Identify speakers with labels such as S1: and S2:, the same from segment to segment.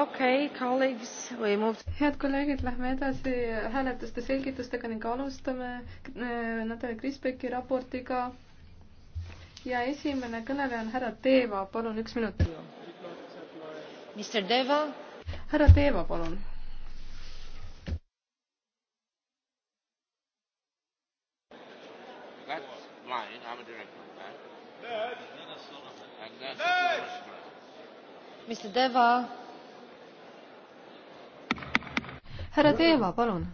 S1: okay, head kolleegid, lähme edasi hääletuste selgitustega ning alustame äh, Natalja Krisbeki raportiga. ja esimene kõneleja on härra Teeva, palun üks minut. härra Teeva, palun line, I'm a director of that. Mr. Deva härra Teeva, palun.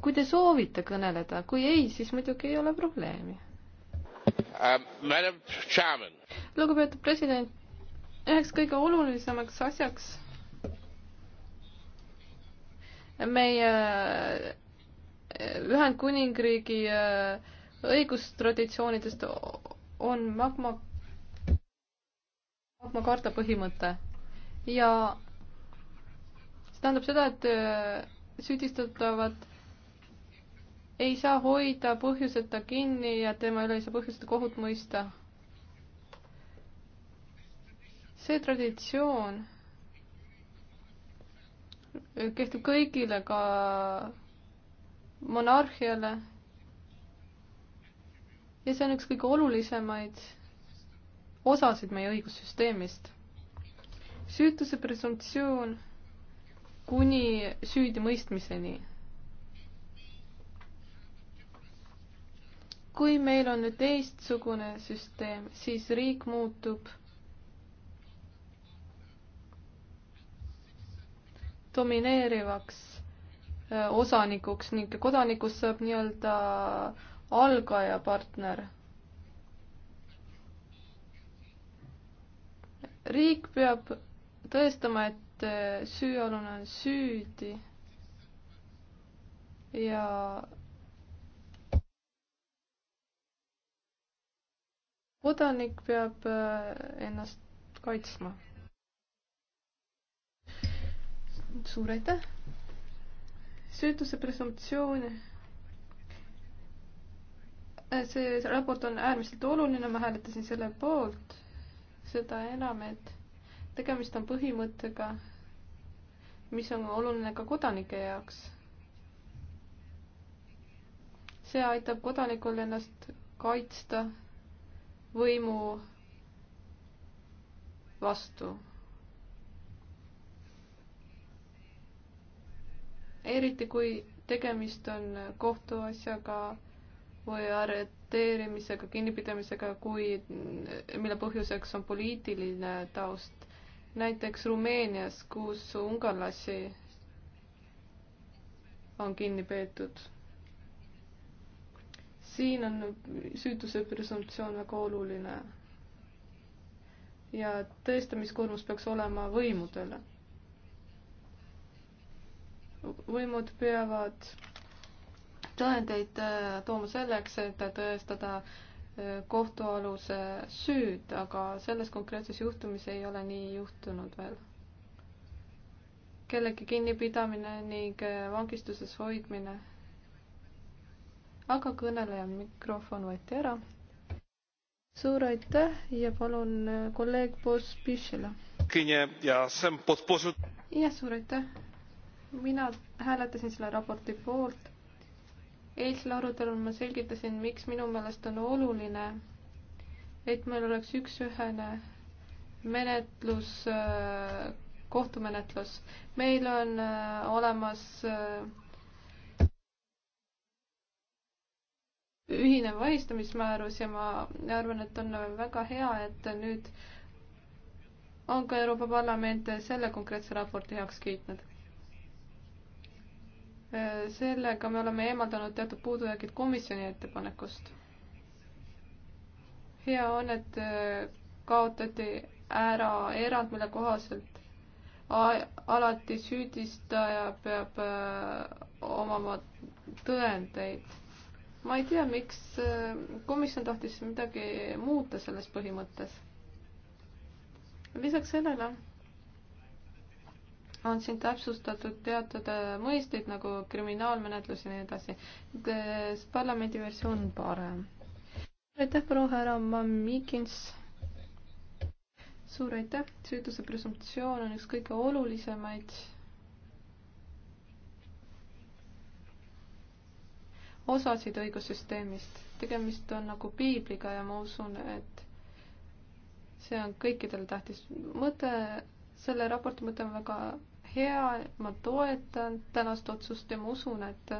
S1: kui te soovite kõneleda, kui ei, siis muidugi ei ole probleemi
S2: um,.
S1: lugupeetud president, üheks kõige olulisemaks asjaks meie eh, Ühendkuningriigi eh, õigustraditsioonidest on magma, magma karta põhimõte ja see tähendab seda, et äh, süüdistatavad ei saa hoida põhjuseta kinni ja tema üle ei saa põhjuseta kohut mõista. see traditsioon kehtib kõigile, ka monarhiale. ja see on üks kõige olulisemaid osasid meie õigussüsteemist süütuse presumptsioon kuni süüdimõistmiseni. kui meil on nüüd teistsugune süsteem, siis riik muutub domineerivaks äh, osanikuks ning kodanikust saab nii-öelda algaja partner. riik peab tõestama, et äh, süüalune on süüdi ja kodanik peab äh, ennast kaitsma. suur aitäh! süütuse presumptsioon. Äh, see raport on äärmiselt oluline, ma hääletasin selle poolt, seda enam, et tegemist on põhimõttega, mis on oluline ka kodanike jaoks. see aitab kodanikul ennast kaitsta võimu vastu. eriti kui tegemist on kohtuasjaga või arreteerimisega, kinnipidamisega, kui, mille põhjuseks on poliitiline taust näiteks Rumeenias, kus ungarlasi on kinni peetud. siin on süütuse presumptsioon väga oluline. ja tõestamiskoormus peaks olema võimudele. võimud peavad tõendeid äh, tooma selleks, et tõestada äh, kohtualuse süüd, aga selles konkreetses juhtumis ei ole nii juhtunud veel. kellegi kinnipidamine ning äh, vangistuses hoidmine. aga kõneleja mikrofon võeti ära. suur aitäh ja palun äh, kolleeg Pospišile. jah, suur aitäh. mina hääletasin selle raporti poolt eilsel arutelul ma selgitasin, miks minu meelest on oluline, et meil oleks üks-ühene menetlus, äh, kohtumenetlus. meil on äh, olemas äh, ühine vahistamismäärus ja ma arvan, et on väga hea, et nüüd on ka Euroopa Parlament selle konkreetse raporti heaks kiitnud sellega me oleme eemaldanud teatud puudujäägid komisjoni ettepanekust. hea on, et äh, kaotati ära erand, mille kohaselt alati süüdistaja peab äh, omama tõendeid. ma ei tea, miks äh, komisjon tahtis midagi muuta selles põhimõttes. lisaks sellele on siin täpsustatud teatud äh, mõisteid nagu kriminaalmenetlus ja nii edasi. kas parlamendi versioon on parem? aitäh, proua härra Mammikins. suur aitäh, süütuse presumptsioon on üks kõige olulisemaid osasid õigussüsteemist. tegemist on nagu piibliga ja ma usun, et see on kõikidel tähtis mõte selle raporti mõte on väga hea, ma toetan tänast otsust ja ma usun, et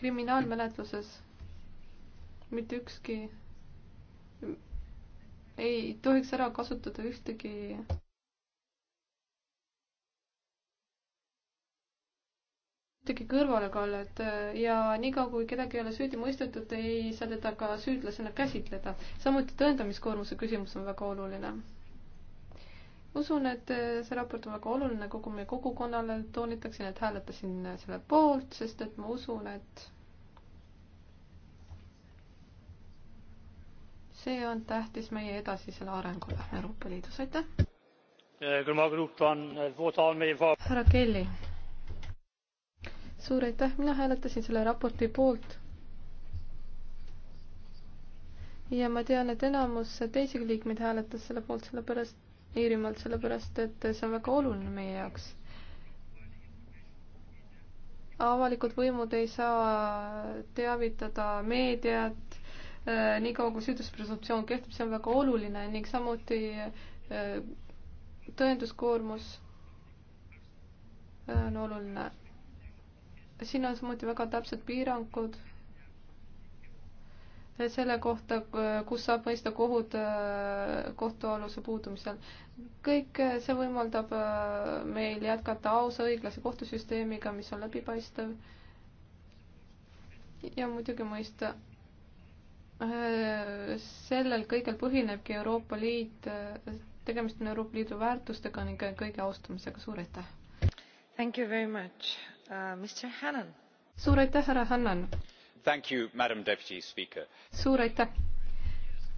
S1: kriminaalmenetluses mitte ükski ei tohiks ära kasutada ühtegi ühtegi kõrvalekallet ja niikaua, kui kedagi ei ole süüdi mõistetud, ei saa teda ka süüdlasena käsitleda. samuti tõendamiskoormuse küsimus on väga oluline usun, et äh, see raport on väga oluline kogu meie kogukonnale, toonitaksin, et hääletasin äh, selle poolt, sest et ma usun, et see on tähtis meie edasisele arengule Euroopa Liidus, aitäh! härra Kelly, suur aitäh, mina hääletasin selle raporti poolt ja ma tean, et enamus teisigi liikmeid hääletas selle poolt, sellepärast Iirimaalt, sellepärast et see on väga oluline meie jaoks. avalikud võimud ei saa teavitada meediat äh, niikaua, kui süüdistuspresumptsioon kehtib, see on väga oluline ning samuti äh, tõenduskoormus äh, on oluline. siin on samuti väga täpsed piirangud selle kohta, kus saab mõista kohut äh, kohtualuse puudumisel. kõik äh, see võimaldab äh, meil jätkata ausa õiglase kohtusüsteemiga, mis on läbipaistev ja muidugi mõista sellel kõigel põhinebki Euroopa Liit, tegemist on Euroopa Liidu väärtustega ning kõige austamisega, suur aitäh! Thank you very much uh,, Mr Hannan! suur aitäh, härra Hannan! suur aitäh!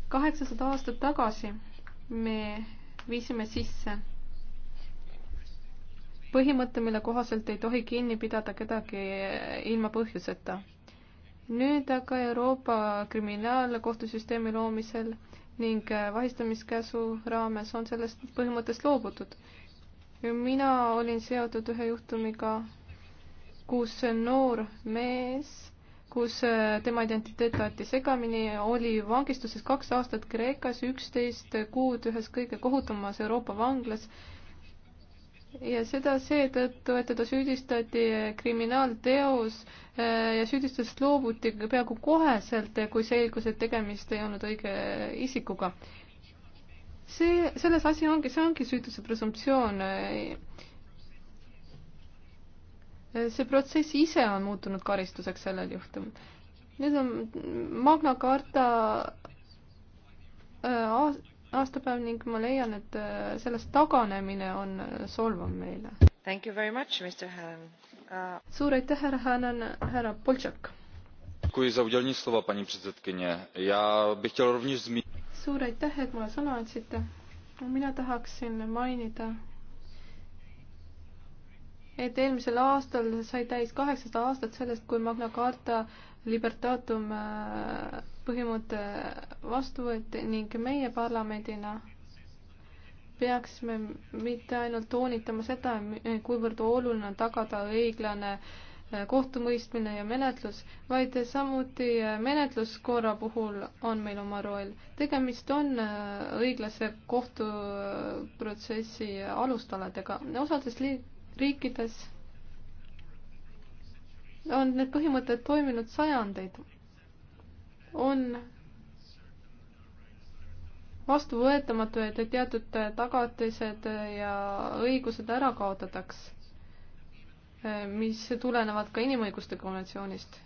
S1: kaheksasada aastat tagasi me viisime sisse põhimõtte, mille kohaselt ei tohi kinni pidada kedagi ilma põhjuseta. nüüd aga Euroopa kriminaalkohtusüsteemi loomisel ning vahistamiskäsu raames on sellest põhimõttest loobutud. mina olin seotud ühe juhtumiga, kus noor mees kus äh, tema identiteet aeti segamini, oli vangistuses kaks aastat Kreekas, üksteist kuud ühes kõige kohutavamas Euroopa vanglas ja seda seetõttu, et teda süüdistati kriminaalteos äh, ja süüdistusest loobuti peaaegu koheselt, kui selgus, et tegemist ei olnud õige isikuga. see, selles asi ongi, see ongi süütuse presumptsioon see protsess ise on muutunud karistuseks sellel juhtumil. Need on Magna Carta äh, aastapäev ning ma leian, et äh, sellest taganemine on äh, solvav meile. Uh... suur aitäh, härra Hänen, härra Boltšak. suur aitäh, et mulle sõna andsite. mina tahaksin mainida et eelmisel aastal sai täis kaheksasada aastat sellest, kui Magna Carta Libertatum äh, põhimõte äh, vastu võeti ning meie parlamendina peaksime mitte ainult toonitama seda, kuivõrd oluline on tagada õiglane äh, kohtumõistmine ja menetlus, vaid samuti menetluskorra puhul on meil oma roll. tegemist on õiglase kohtuprotsessi alustaladega. osades liik-, riikides on need põhimõtted toiminud sajandeid. on vastuvõetamatu, et teatud tagatised ja õigused ära kaotataks, mis tulenevad ka inimõiguste konventsioonist.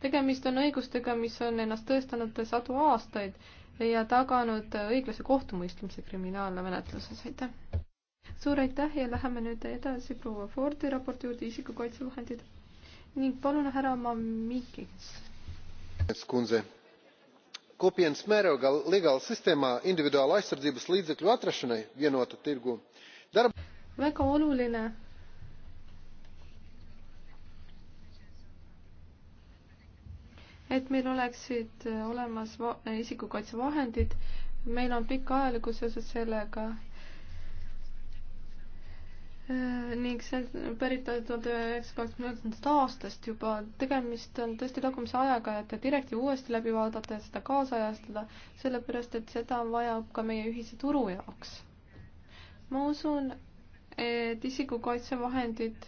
S1: tegemist on õigustega, mis on ennast tõestanud sadu aastaid ja taganud õiglase kohtumõistmise kriminaalmenetluses, aitäh! suur aitäh ja läheme nüüd edasi proua Fordi raporti juurde isikukaitsevahendid ning palun härra Mamikins.
S2: kopienas mēroga legāla sistēmā individuāla aizsardzības līdzekļu atrašanai vienota tirgu.
S1: väga oluline et meil oleksid äh, olemas äh, isikukaitsevahendid. meil on pikk ajalugu seoses sellega ning see pärit tuhande üheksasaja kaheksakümne üheksandast aastast juba. tegemist on tõesti tagumise ajaga, et direktiiv uuesti läbi vaadata ja seda kaasajastada, sellepärast et seda on vaja ka meie ühise turu jaoks. ma usun, et isikukaitsevahendid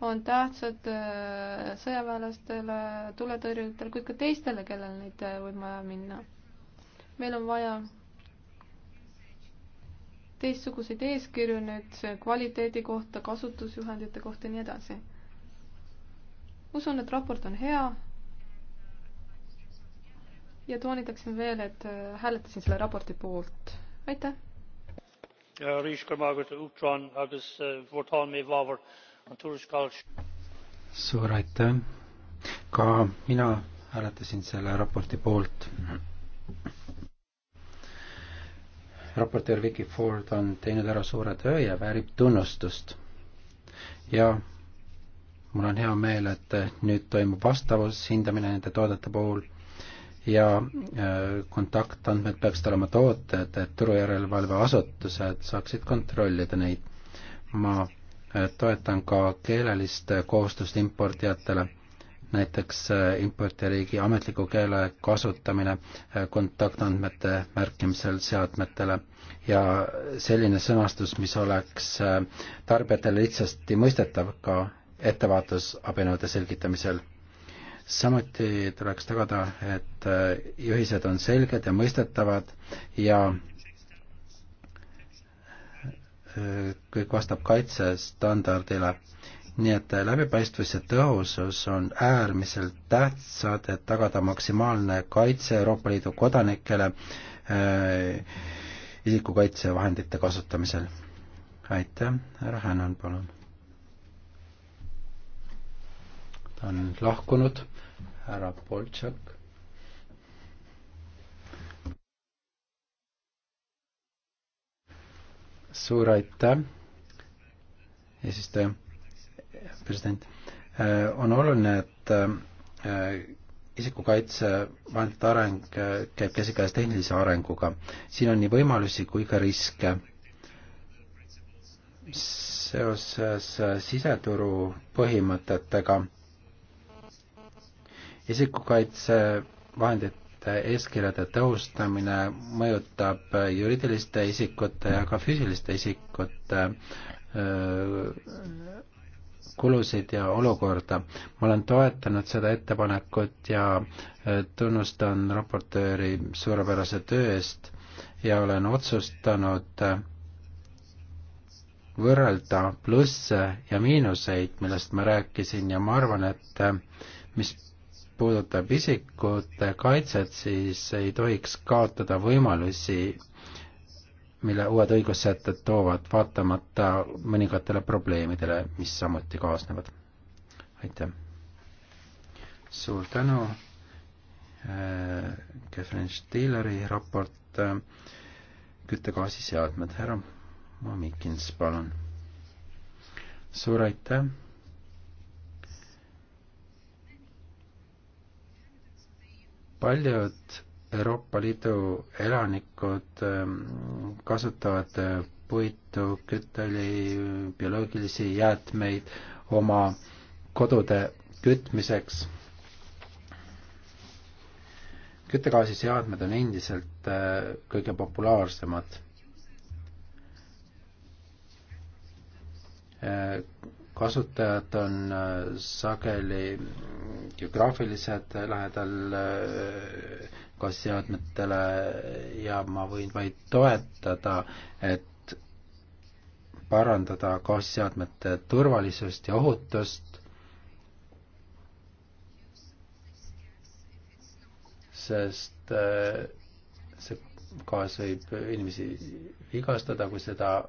S1: on tähtsad äh, sõjaväelastele, tuletõrjujatele, kuid ka teistele, kellel neid äh, võib vaja minna. meil on vaja teistsuguseid eeskirju nüüd kvaliteedi kohta, kasutusjuhendite kohta ja nii edasi. usun, et raport on hea. ja toonitaksin veel, et äh, hääletasin selle raporti
S2: poolt. aitäh. Äh, suur aitäh. ka mina hääletasin selle raporti poolt raportöör Vicky Ford on teinud ära suure töö ja väärib tunnustust. ja mul on hea meel, et nüüd toimub vastavushindamine nende toodete puhul ja äh, kontaktandmed peaksid olema tooted, et turujärelevalveasutused saaksid kontrollida neid. ma äh, toetan ka keelelist kohustust importijatele näiteks äh, importijariigi ametliku keele kasutamine äh, kontaktandmete märkimisel seadmetele ja selline sõnastus, mis oleks äh, tarbijatele lihtsasti mõistetav ka ettevaatusabinõude selgitamisel. samuti tuleks tagada, et juhised on selged ja mõistetavad ja kõik vastab kaitsestandardile nii et äh, läbipaistvus ja tõhusus on äärmiselt tähtsad, et tagada maksimaalne kaitse Euroopa Liidu kodanikele äh, isikukaitsevahendite kasutamisel. aitäh, härra Hänan, palun. ta on lahkunud, härra Boltšak. suur aitäh, eesistuja president, äh, on oluline, et äh, isikukaitsevahendite areng äh, käib käsikäes tehnilise arenguga. siin on nii võimalusi kui ka riske. seoses siseturu põhimõtetega isikukaitsevahendite eeskirjade tõhustamine mõjutab juriidiliste isikute ja ka füüsiliste isikute kulusid ja olukorda. ma olen toetanud seda ettepanekut ja äh, tunnustan raportööri suurepärase töö eest ja olen otsustanud äh, võrrelda plusse ja miinuseid, millest ma rääkisin ja ma arvan, et äh, mis puudutab isikute kaitset, siis ei tohiks kaotada võimalusi mille uued õigussätted toovad, vaatamata mõningatele probleemidele, mis samuti kaasnevad. aitäh! suur tänu äh,, Catherine Stilleri raport äh, küttegaasiseadmed, härra Mamikins, palun! suur aitäh! paljud Euroopa Liidu elanikud ähm, kasutavad äh, puitu, kütteõli, bioloogilisi jäätmeid oma kodude kütmiseks. küttegaasiseadmed on endiselt äh, kõige populaarsemad. Äh, kasutajad on sageli geograafilised lähedal nutikas-seadmetele ja ma võin vaid toetada, et parandada kaasseadmete turvalisust ja ohutust. sest äh, see gaas võib inimesi vigastada, kui seda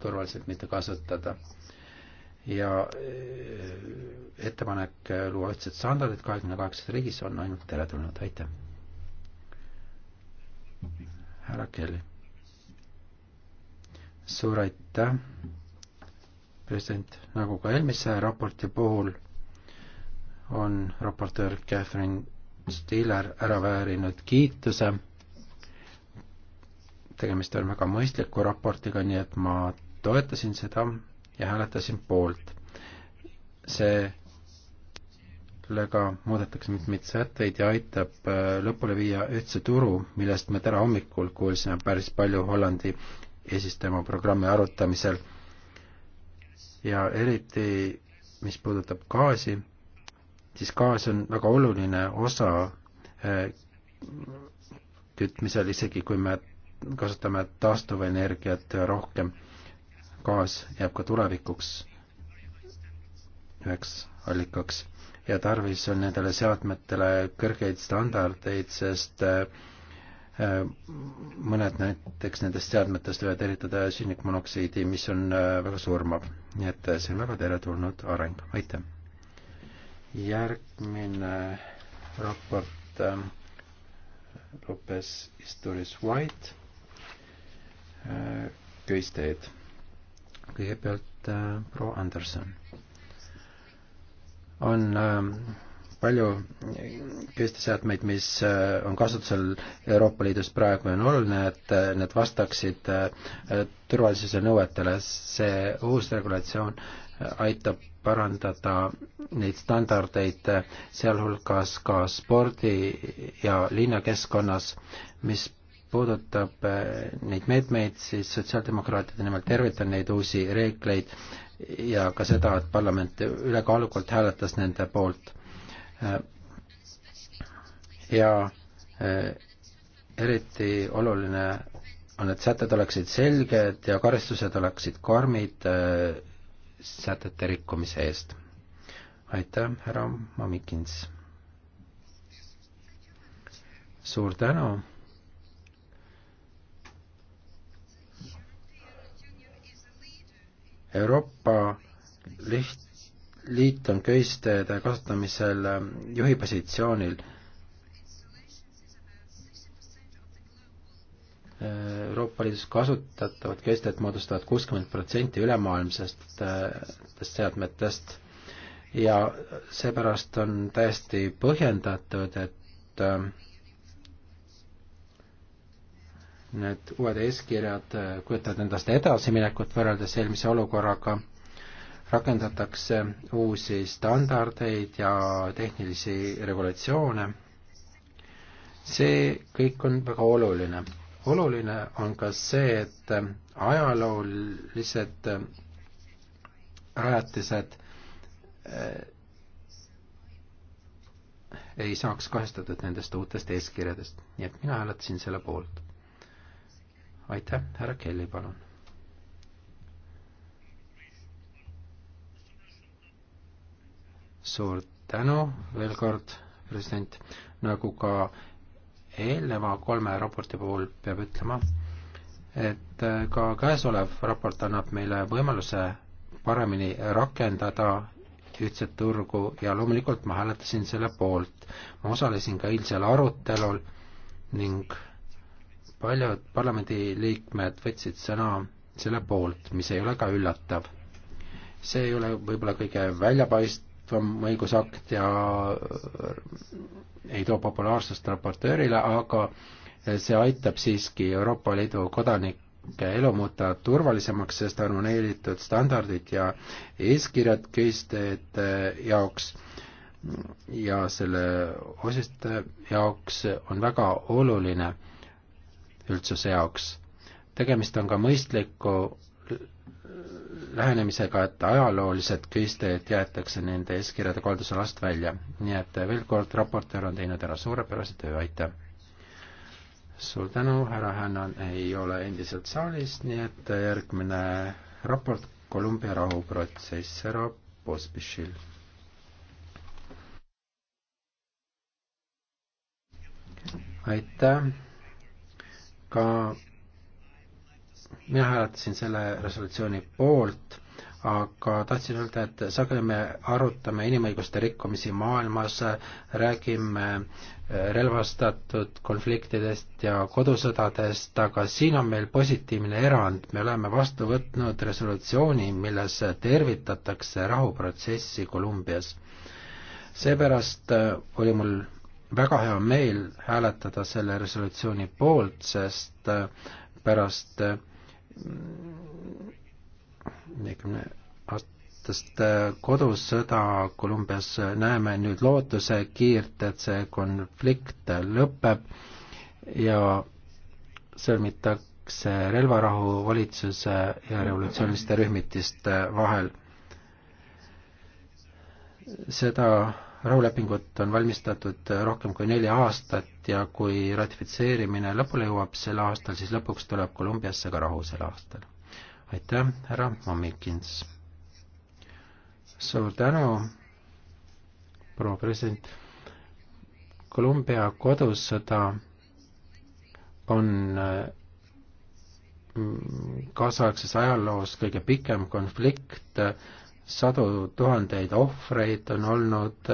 S2: turvaliselt mitte kasutada ja äh, ettepanek luua ühtsed standardid kahekümne kaheksas riigis on ainult teretulnud, aitäh! härra Kelly. suur aitäh, president, nagu ka eelmise raporti puhul on raportöör Catherine Stiller ära väärinud kiituse. tegemist on väga mõistliku raportiga, nii et ma toetasin seda ja hääletasin poolt. see millega muudetakse mitmeid sätteid ja aitab äh, lõpule viia ühtse turu, millest me täna hommikul kuulsime päris palju Hollandi eesistuma programmi arutamisel. ja eriti, mis puudutab gaasi, siis gaas on väga oluline osa äh, kütmisel, isegi kui me kasutame taastuvenergiat rohkem. gaas jääb ka tulevikuks üheks allikaks ja tarvis on nendele seadmetele kõrgeid standardeid, sest äh, mõned näiteks nendest seadmetest võivad eritada sünnikmonoksiidi, mis on äh, väga surmav. nii et see on väga teretulnud areng, aitäh! järgmine raport äh, Lopez Isturis White, köisteed. kõigepealt proua Anderson on ähm, palju küstiseadmeid, mis äh, on kasutusel Euroopa Liidus praegu ja on oluline, et äh, need vastaksid äh, turvalisuse nõuetele. see uus regulatsioon aitab parandada neid standardeid, sealhulgas ka spordi ja linnakeskkonnas, mis puudutab neid meetmeid, siis sotsiaaldemokraatide nimel tervitan neid uusi reegleid, ja ka seda, et parlament ülekaalukalt hääletas nende poolt. ja eh, eriti oluline on, et sätted oleksid selged ja karistused oleksid karmid eh, sätete rikkumise eest. aitäh, härra Mamikins! suur tänu! Euroopa liht-, liit on köisteede kasutamisel ähm, juhi positsioonil. Euroopa Liidus kasutatavad köisted moodustavad kuuskümmend protsenti ülemaailmsest äh, seadmetest ja seepärast on täiesti põhjendatud, et ähm, need uued eeskirjad äh, kujutavad endast edasiminekut võrreldes eelmise olukorraga, rakendatakse uusi standardeid ja tehnilisi regulatsioone. see kõik on väga oluline. oluline on ka see, et äh, ajaloolised äh, rajatised ei saaks kahjustatud nendest uutest eeskirjadest, nii et mina hääletasin selle poolt aitäh, härra Kelly, palun. suur tänu veel kord, president, nagu ka eelneva kolme raporti puhul peab ütlema, et äh, ka käesolev raport annab meile võimaluse paremini rakendada ühtset turgu ja loomulikult ma hääletasin selle poolt. ma osalesin ka eilsel arutelul ning paljud parlamendiliikmed võtsid sõna selle poolt, mis ei ole ka üllatav. see ei ole võib-olla kõige väljapaistvam õigusakt ja äh, ei too populaarsust raportöörile, aga see aitab siiski Euroopa Liidu kodanike elu muuta turvalisemaks, sest harmoneeritud standardid ja eeskirjad köistajate jaoks ja selle osiste jaoks on väga oluline üldsuse jaoks. tegemist on ka mõistliku lähenemisega, et ajaloolised köistajad jäetakse nende eeskirjade kohaldusalast välja. nii et veel kord, raportöör on teinud ära suurepärase töö, aitäh! suur tänu, härra Hännan ei ole endiselt saalis, nii et järgmine raport Kolumbia rahuprotsess, härra Pospišil. aitäh! ka mina hääletasin selle resolutsiooni poolt, aga tahtsin öelda, et sageli me arutame inimõiguste rikkumisi maailmas, räägime äh, relvastatud konfliktidest ja kodusõdadest, aga siin on meil positiivne erand, me oleme vastu võtnud resolutsiooni, milles tervitatakse rahuprotsessi Kolumbias. seepärast äh, oli mul väga hea meel hääletada selle resolutsiooni poolt, sest äh, pärast äh, neljakümne aastast äh, kodusõda Kolumbias näeme nüüd lootuse kiirt, et see konflikt lõpeb ja sõlmitakse relvarahu valitsuse ja revolutsiooniliste rühmitiste vahel. seda rahulepingut on valmistatud rohkem kui neli aastat ja kui ratifitseerimine lõpule jõuab sel aastal, siis lõpuks tuleb Kolumbiasse ka rahu sel aastal. aitäh, härra Mammikins! suur tänu, proua president! Kolumbia kodusõda on mm, kaasaegses ajaloos kõige pikem konflikt, sadu tuhandeid ohvreid on olnud,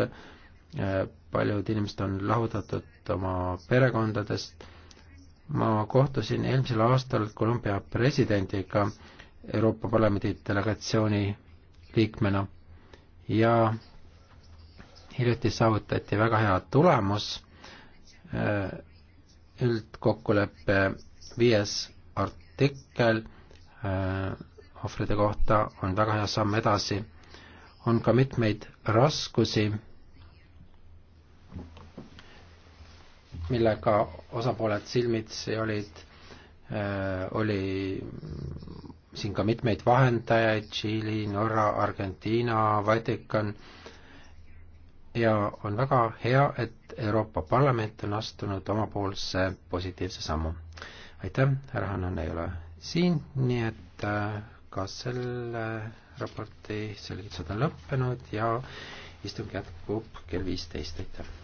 S2: äh, paljud inimesed on lahutatud oma perekondadest. ma kohtusin eelmisel aastal Kolumbia presidendiga Euroopa Parlamendi delegatsiooni liikmena ja hiljuti saavutati väga hea tulemus, äh, üldkokkuleppe viies artikkel äh, ohvrite kohta on väga hea samm edasi. on ka mitmeid raskusi, millega osapooled silmitsi olid, äh, oli siin ka mitmeid vahendajaid, Tšiili, Norra, Argentiina, Vatikan, ja on väga hea, et Euroopa Parlament on astunud omapoolse positiivse sammu. aitäh, härra Hannan ei ole siin, nii et äh, ka selle raporti selgitused on lõppenud ja istung jätkub kell viisteist, aitäh!